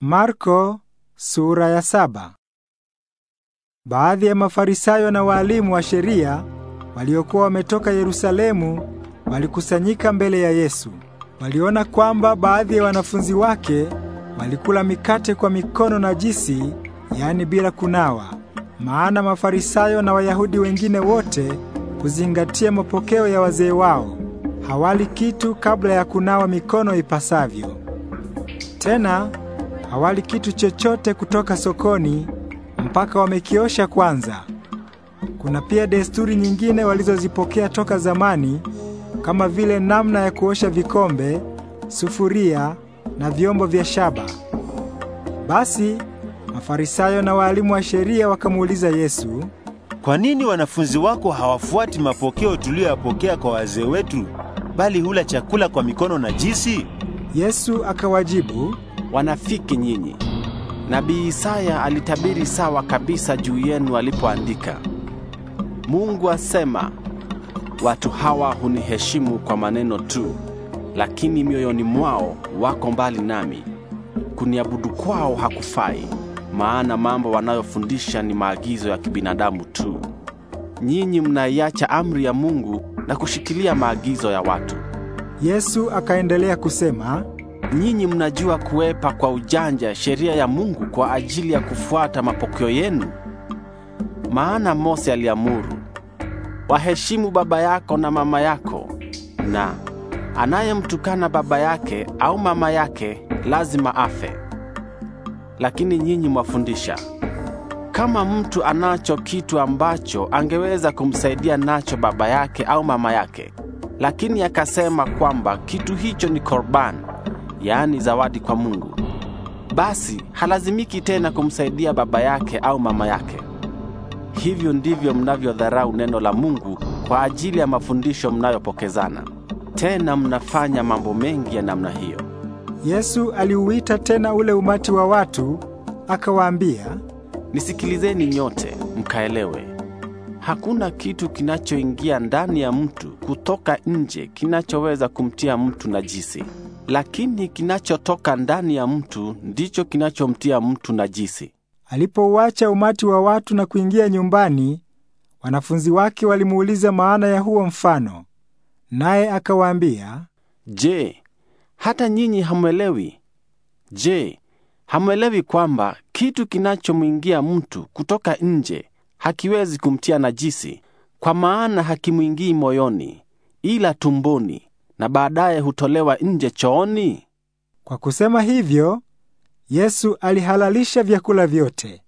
Marko sura ya saba. Baadhi ya Mafarisayo na waalimu wa sheria waliokuwa wametoka Yerusalemu walikusanyika mbele ya Yesu. Waliona kwamba baadhi ya wanafunzi wake walikula mikate kwa mikono najisi, yaani bila kunawa. Maana Mafarisayo na Wayahudi wengine wote kuzingatia mapokeo ya wazee wao, hawali kitu kabla ya kunawa mikono ipasavyo. Tena hawali kitu chochote kutoka sokoni mpaka wamekiosha kwanza. Kuna pia desturi nyingine walizozipokea toka zamani kama vile namna ya kuosha vikombe, sufuria na vyombo vya shaba. Basi Mafarisayo na waalimu wa sheria wakamuuliza Yesu, "Kwa nini wanafunzi wako hawafuati mapokeo tuliyoyapokea kwa wazee wetu, bali hula chakula kwa mikono najisi?" Yesu akawajibu, wanafiki nyinyi. Nabii Isaya alitabiri sawa kabisa juu yenu alipoandika, Mungu asema, watu hawa huniheshimu kwa maneno tu, lakini mioyoni mwao wako mbali nami. Kuniabudu kwao hakufai, maana mambo wanayofundisha ni maagizo ya kibinadamu tu. Nyinyi mnaiacha amri ya Mungu na kushikilia maagizo ya watu. Yesu akaendelea kusema, Nyinyi mnajua kuwepa kwa ujanja sheria ya Mungu kwa ajili ya kufuata mapokeo yenu. Maana Mose aliamuru, waheshimu baba yako na mama yako, na anayemtukana baba yake au mama yake lazima afe. Lakini nyinyi mwafundisha kama mtu anacho kitu ambacho angeweza kumsaidia nacho baba yake au mama yake, lakini akasema kwamba kitu hicho ni korbani yaani zawadi kwa Mungu, basi halazimiki tena kumsaidia baba yake au mama yake. Hivyo ndivyo mnavyodharau neno la Mungu kwa ajili ya mafundisho mnayopokezana. Tena mnafanya mambo mengi ya namna hiyo. Yesu aliuita tena ule umati wa watu akawaambia, nisikilizeni nyote mkaelewe. Hakuna kitu kinachoingia ndani ya mtu kutoka nje kinachoweza kumtia mtu najisi lakini kinachotoka ndani ya mtu ndicho kinachomtia mtu najisi. Alipouacha umati wa watu na kuingia nyumbani, wanafunzi wake walimuuliza maana ya huo mfano, naye akawaambia, Je, hata nyinyi hamwelewi? Je, hamwelewi kwamba kitu kinachomwingia mtu kutoka nje hakiwezi kumtia najisi, kwa maana hakimwingii moyoni, ila tumboni na baadaye hutolewa nje chooni? Kwa kusema hivyo, Yesu alihalalisha vyakula vyote.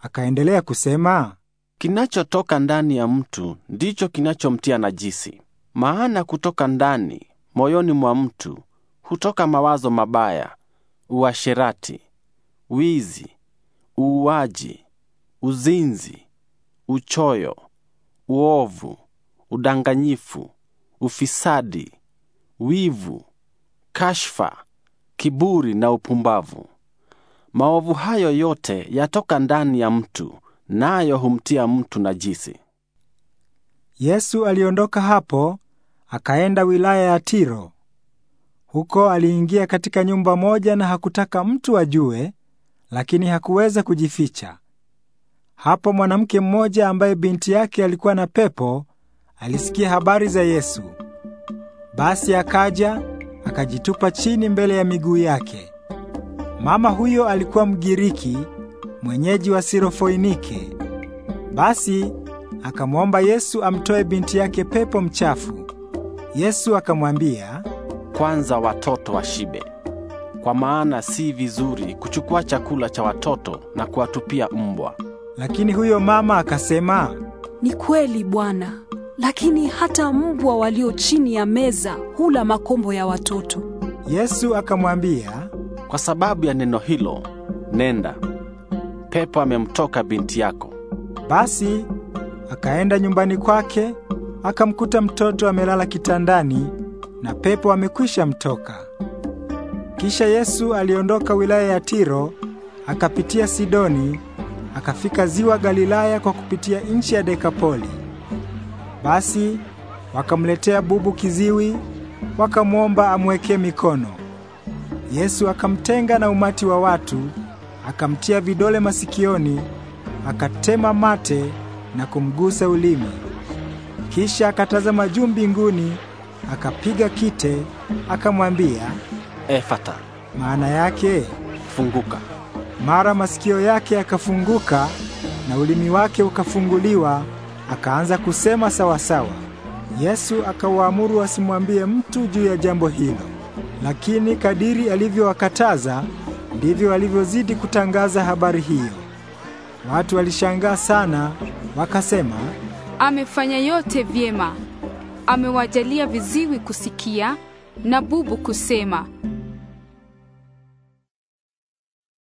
Akaendelea kusema, kinachotoka ndani ya mtu ndicho kinachomtia najisi. Maana kutoka ndani, moyoni mwa mtu, hutoka mawazo mabaya, uasherati, wizi, uuaji, uzinzi, uchoyo, uovu, udanganyifu, ufisadi, wivu, kashfa, kiburi na upumbavu. Maovu hayo yote yatoka ndani ya mtu, nayo na humtia mtu najisi. Yesu aliondoka hapo akaenda wilaya ya Tiro. Huko aliingia katika nyumba moja na hakutaka mtu ajue, lakini hakuweza kujificha. Hapo mwanamke mmoja ambaye binti yake alikuwa na pepo alisikia habari za Yesu. Basi akaja akajitupa chini mbele ya miguu yake. Mama huyo alikuwa Mgiriki mwenyeji wa Sirofoinike. Basi akamwomba Yesu amtoe binti yake pepo mchafu. Yesu akamwambia, kwanza watoto washibe, kwa maana si vizuri kuchukua chakula cha watoto na kuwatupia mbwa. Lakini huyo mama akasema, ni kweli Bwana lakini hata mbwa walio chini ya meza hula makombo ya watoto. Yesu akamwambia, kwa sababu ya neno hilo, nenda, pepo amemtoka binti yako. Basi akaenda nyumbani kwake, akamkuta mtoto amelala kitandani na pepo amekwisha mtoka. Kisha Yesu aliondoka wilaya ya Tiro, akapitia Sidoni, akafika ziwa Galilaya kwa kupitia nchi ya Dekapoli. Basi wakamletea bubu kiziwi, wakamwomba amwekee mikono. Yesu akamtenga na umati wa watu, akamtia vidole masikioni, akatema mate na kumgusa ulimi. Kisha akatazama juu mbinguni, akapiga kite, akamwambia, Efata, maana yake funguka. Mara masikio yake yakafunguka na ulimi wake ukafunguliwa akaanza kusema sawasawa. Yesu akawaamuru wasimwambie mtu juu ya jambo hilo, lakini kadiri alivyowakataza ndivyo alivyozidi kutangaza habari hiyo. Watu walishangaa sana, wakasema, amefanya yote vyema, amewajalia viziwi kusikia na bubu kusema